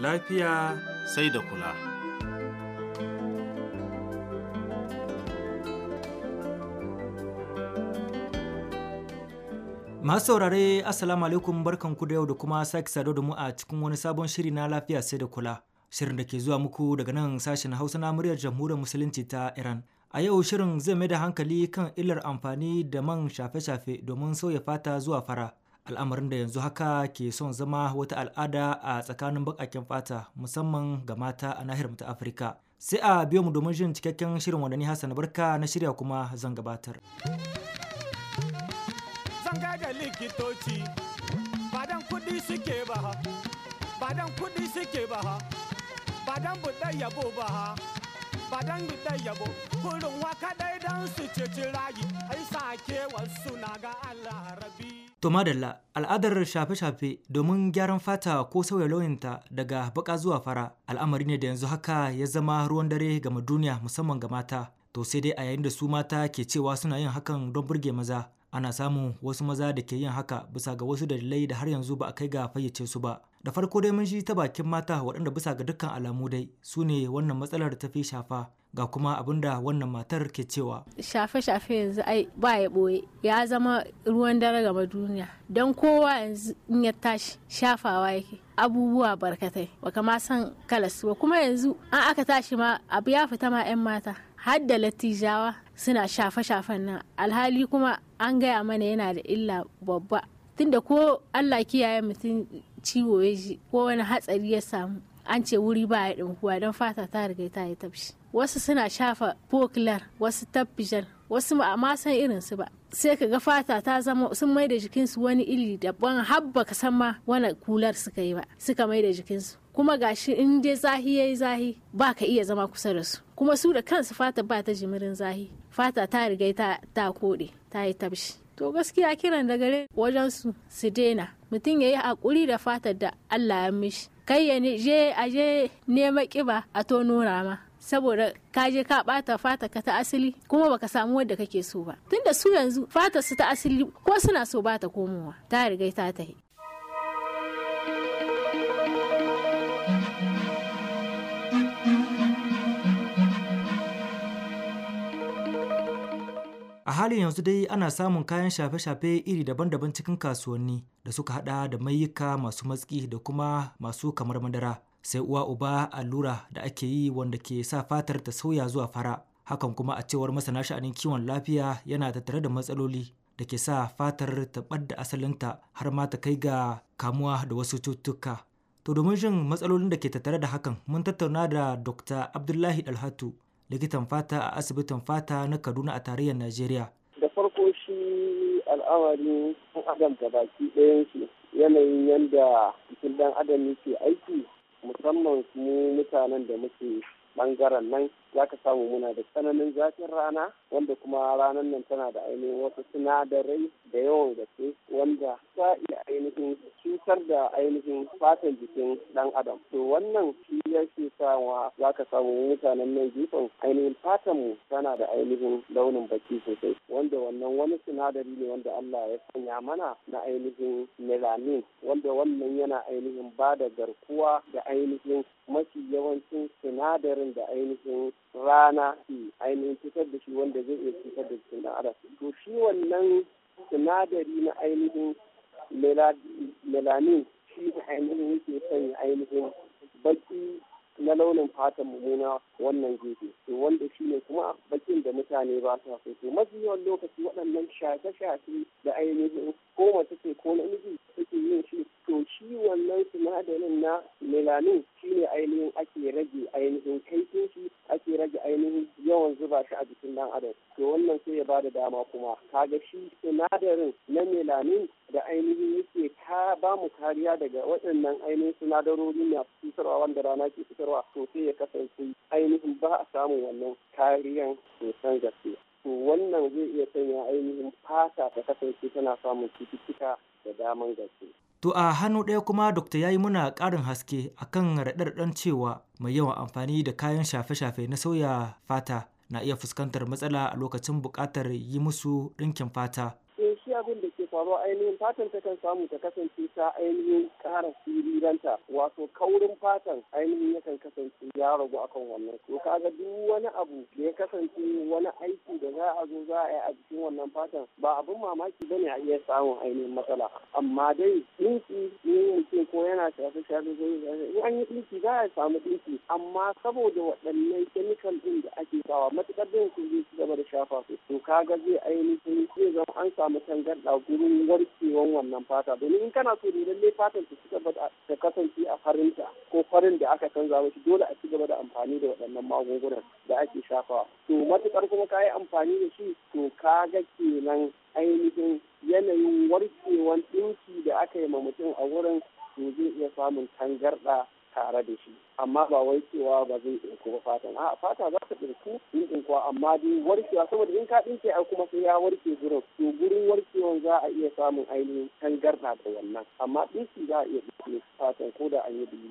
lafiya sai da kula. Masu saurare Assalamu alaikum barkanku da yau da kuma sake sado da mu a cikin wani sabon shiri na lafiya sai da kula. Shirin da ke zuwa muku daga nan sashen Hausa na muryar Jamhuriyar Musulunci ta Iran. A yau shirin zai mai da hankali kan illar amfani da man shafe-shafe domin sauya fata zuwa fara. al'amarin da yanzu haka ke son zama wata al'ada a tsakanin baƙaƙen fata musamman ga mata a nahiyar ta afirka sai a biyo mu domin jin cikakken shirin wadani hassan barka na shirya kuma zan gabatar likitoci badan kudi suke ba ba badan buɗe yabo ba ba dan da yabo waka dai dan su ceci rayi ai sake wasu na ga Allah rabi to madalla al'adar shafe-shafe domin gyaran fata ko sauya launinta daga baka zuwa fara al'amari ne da yanzu haka ya zama ruwan dare ga duniya musamman ga mata to sai dai a yayin da su mata ke cewa suna yin hakan don burge maza ana samun wasu maza da ke yin haka bisa ga wasu dalilai da har yanzu ba a kai ga fayyace su ba da farko dai mun shi ta bakin mata waɗanda bisa ga dukkan alamu dai su ne wannan matsalar ta fi shafa ga kuma abin da wannan matar ke cewa shafe-shafe yanzu ai ba ya ɓoye ya zama ruwan dare gama duniya don kowa yanzu in ya tashi shafawa yake abubuwa barkatai baka ma san kalas ba kuma yanzu an aka tashi ma abu ya fita ma 'yan mata har da latijawa suna shafe-shafen nan alhali kuma an gaya mana yana da illa babba tunda ko allah kiyaye mutum ciwo ya ji ko wani hatsari ya samu an ce wuri ba ya ɗinkuwa don fata ta riga ta yi tafshi wasu suna shafa poklar wasu taffijar wasu ba ma san irin su ba sai ka ga fata ta zama sun mai da jikinsu wani ili daban habba ka san ma wani kular suka yi ba suka mai da jikinsu kuma gashi in dai zahi yi zahi ba ka iya zama kusa da su kuma su da kansu fata ba ta jimirin zahi fata ta riga ta ta kode ta yi tabshi to gaskiya kiran da gare wajen su su daina mutum ya yi hakuri da fatar da Allah ya mishi kai ya je a je nema kiba a to nora ma saboda ka je ka bata fata ka ta asali kuma baka samu wadda kake so ba tunda su yanzu fata su ta asali ko suna so bata komowa ta riga ta tahi halin yanzu dai ana samun kayan shafe-shafe iri daban-daban cikin kasuwanni da suka hada da mayuka masu matsi da kuma masu kamar madara sai uwa uba allura da ake yi wanda ke sa fatar ta sauya zuwa fara hakan kuma a cewar masana sha'anin kiwon lafiya yana tattare da matsaloli da ke sa fatar ta ɓadda asalinta har ma ta kai ga kamuwa da wasu cututtuka to domin jin matsalolin da ke tattare da hakan mun tattauna da dr abdullahi dalhatu likitan fata a asibitin fata na kaduna a tarayyar najeriya da farko shi al'awari adam da baki ɗayan shi yanayin yadda jikin ɗan adam yake aiki musamman mu mutanen da muke ɓangaren nan za ka samu muna da tsananin zafin rana wanda kuma ranar nan tana da ainihin wasu sinadarai da yawan gaske wanda ta iya ainihin cutar da ainihin fatan jikin ɗan adam to wannan shi yake sawa za ka samu mutanen nan gefen ainihin fatan mu tana da ainihin launin baki sosai wanda wannan wani sinadari ne wanda Allah ya sanya mana na ainihin melanin wanda wannan yana ainihin ba da garkuwa da ainihin mafi yawancin sinadarin da ainihin rana ke ainihin fitar da shi wanda zai iya fitar da jikin adam to shi wannan sinadari na ainihin melanin shi ainihin yake sanya ainihin baki na launin fatan mummuna wannan gefe to wanda shi ne kuma bakin da mutane ba sa so to mafi yawan lokaci waɗannan shafe-shafe da ainihin ko mace ce ko namiji suke yin shi to shi wannan sinadarin na melanin shi ne ainihin ake rage ainihin kaifin shi ake rage ainihin yawan zuba shi a jikin ɗan adam to wannan sai ya ba da dama kuma kaga shi sinadarin na melanin kariya daga waɗannan ainihin sinadarori masu cutarwa wanda rana ke fitarwa to sai ya kasance ainihin ba a samun wannan kariyan sosan gaske to wannan zai iya sanya ainihin fata ta kasance tana samun cututtuka da daman gaske. To a hannu ɗaya kuma dokta ya yi muna ƙarin haske akan raɗaɗɗen cewa mai yawan amfani da kayan shafe-shafe na sauya fata na iya fuskantar matsala a lokacin buƙatar yi musu ɗinkin fata samu ainihin fatan takan samu ta kasance ta ainihin ƙara siriranta wato kaurin fatan ainihin yakan kasance ya ragu akan wannan to kaga duk wani abu da ya kasance wani aiki da za a zo za a yi a jikin wannan fatan ba abin mamaki bane a iya samun ainihin matsala amma dai dinki ne yanke ko yana shafe shafe in an yi dinki za a samu dinki amma saboda waɗannan kemikal ɗin da ake sawa matuƙar ɗin su zai ci gaba da shafa su to kaga zai ainihin zai zama an samu tangarɗa gurin. domin warkewan wannan fata domin in kana so ne lalle fatan ta cigaba da kasance a farinta ko farin da aka canza mashi dole a cigaba da amfani da waɗannan magungunan da ake shafawa to matuƙar kuma ka yi amfani da shi to ka ga kenan ainihin yanayin warkewan ɗinki da aka yi ma mutum a wurin to zai iya samun tangarɗa tare da shi amma ba wai cewa ba zai ɗinku ba fatan a fata za ta ɗinku in ɗinku amma dai warkewa saboda in ka ɗinke a kuma sai ya warke gurin to gurin warkewan za a iya samun ainihin tangarɗa da wannan amma ɗinki za a iya ɗinku fatan ko da an yi biyu.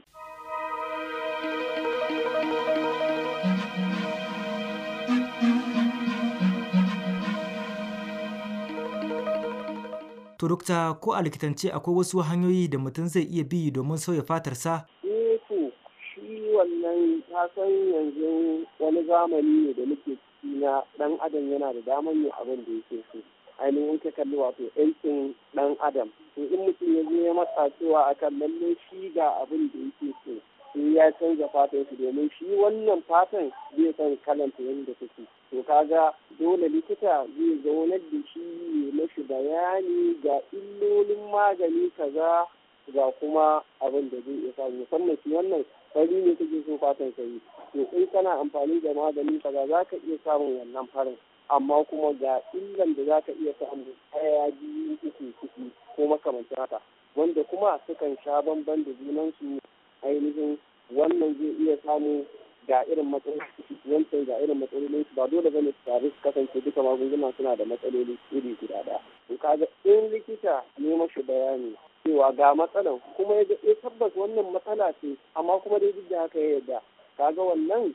To dokta ko a likitance akwai wasu hanyoyi da mutum zai iya bi domin sauya fatarsa? Eku shi wannan ta san yanzu wani zamani ne da muke ciki na ɗan adam yana da damar yin abin da yake so. ainihin ka kalli wato yankin ɗan adam. To in mutum ya zo ya matsa cewa kan lallai shi ga abin da yake so. sai ya canza fatan shi domin shi wannan fatan zai san kalanta yadda take to ga. dole likita zai zaunar da shi ya mashi bayani ga illolin magani kaza ga kuma abin da zai iya samu musamman shi wannan fari ne kake so fatan sai to in kana amfani da maganin kaza za ka iya samun wannan farin amma kuma ga illan da za ka iya samu ɗaya biyu uku uku ko makamancin haka wanda kuma sukan sha bamban da junansu ainihin wannan zai iya samu ga irin matsalolin su ga irin matsalolin ba dole bane su tare su kasance duka magunguna suna da matsaloli iri guda ɗaya to kaga in likita ne mashi bayani cewa ga matsalan kuma ya ya eh, tabbas wannan matsala ce amma kuma dai duk da haka ya yarda kaga wannan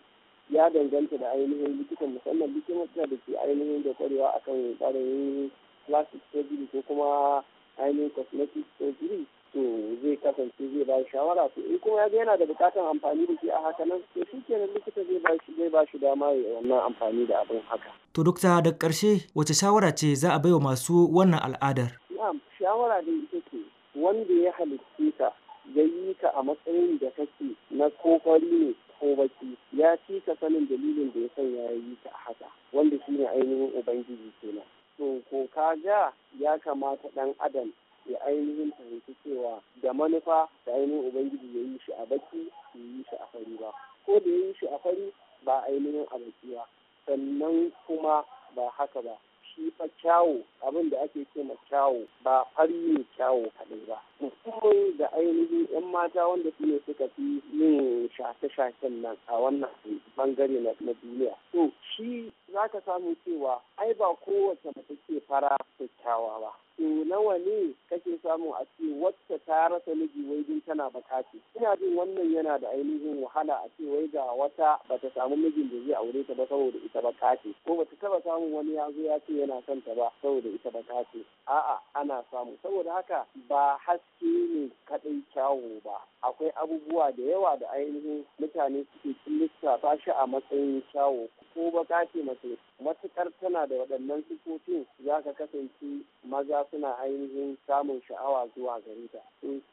ya danganta da ainihin likitan musamman likitan da ke ainihin da kwarewa akan ɓarayin plastic surgery ko kuma ainihin cosmetic surgery to zai kasance zai ba shawara to in kuma ya yana da bukatar amfani da shi a haka nan to shi kenan likita zai ba shi zai ba shi dama ya wannan amfani da abin haka. To dokta da ƙarshe wace shawara ce za a baiwa masu wannan al'adar? Na'am shawara da ita ce wanda ya halicce ka ya yi ka a matsayin da kake na kokari ne ko baki ya ci ka sanin dalilin da ya sanya ya yi ka a haka wanda shine ainihin ubangiji kenan. To ko ka ga ya kamata ɗan adam ya ainihin fahimci cewa da manufa da ainihin ubangiji ya yi shi a baki ya yi shi a fari ba ko da ya yi shi a fari ba ainihin a baki ba sannan kuma ba haka ba shi fa kyawo, abin da ake ce ma kyawo ba fari ne kyawo kaɗai ba musamman da ainihin yan mata wanda su ne suka fi yin shafe-shafen nan a wannan bangare na duniya to shi za ka samu cewa ai ba kowace mace ke fara kyakkyawa ba to nawa ne kake samu a ce wacce ta rasa miji wai din tana bakaci ina jin wannan yana da ainihin wahala a ce wai ga wata bata samu mijin da zai aure ta ba saboda ita bakaci ko bata taba samun wani ya zo ya ce yana son ta ba saboda ita bakaci a'a ana samu saboda haka ba haske ne kadai kyawu ba akwai abubuwa da yawa da ainihin mutane suke ba shi a matsayin kyawu ko bakaci mace matukar tana da waɗannan sifofin za ka kasance maza suna ainihin samun sha'awa zuwa gare ta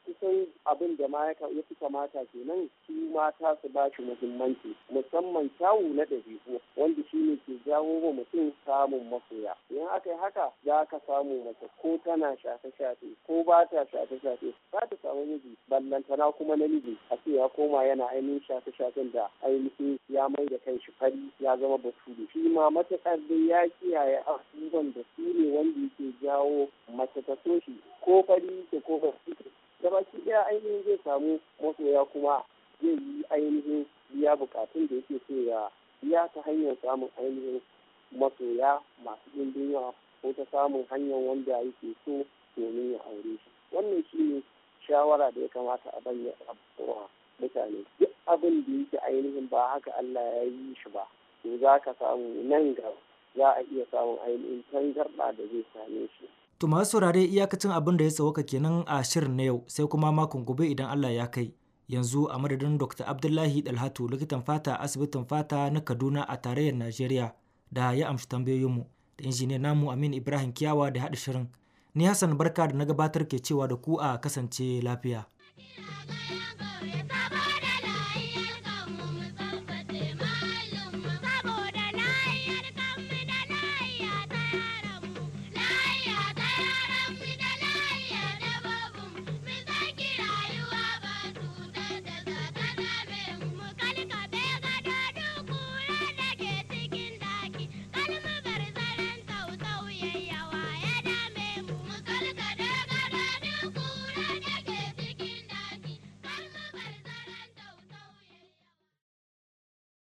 kusan abin da ma ya fi kamata kenan su mata su ba shi muhimmanci musamman kyawu na ɗabi'u wanda shi ne ya wa mutum samun masoya idan aka yi haka za ka samu mace ko tana shafe-shafe ko ba ta shafe-shafe za ta samu miji ballantana kuma na miji a ce ya koma yana ainihin shafe-shafen da ainihin ya mai da kai shi fari ya zama da shi ma matakar dai ya kiyaye abubuwan da su ne wanda yake jawo mace ta so shi ko fari ke ko ba da baki ɗaya ainihin zai samu masoya kuma zai yi ainihin biya bukatun da yake so ya ya ta hanyar samun ainihin masoya masu ɗimbin yawa ko ta samun hanyar wanda yake so domin ya aure shi wannan shi ne shawara da ya kamata a banya abubuwa mutane duk abin da yake ainihin ba haka Allah ya yi shi ba to za ka samu nan gaba za a iya samun ainihin tangarɗa da zai same shi To masu saurare iyakacin abin da ya tsawaka kenan a shirin na yau sai kuma makon gobe idan Allah ya kai. yanzu a madadin dr abdullahi dalhatu likitan fata asibitin fata na kaduna a tarayyar najeriya da ya amshi tambayoyinmu da injiniyar namu amin ibrahim kiyawa da haɗa shirin ni hassan barka da na gabatar ke cewa da ku a kasance lafiya.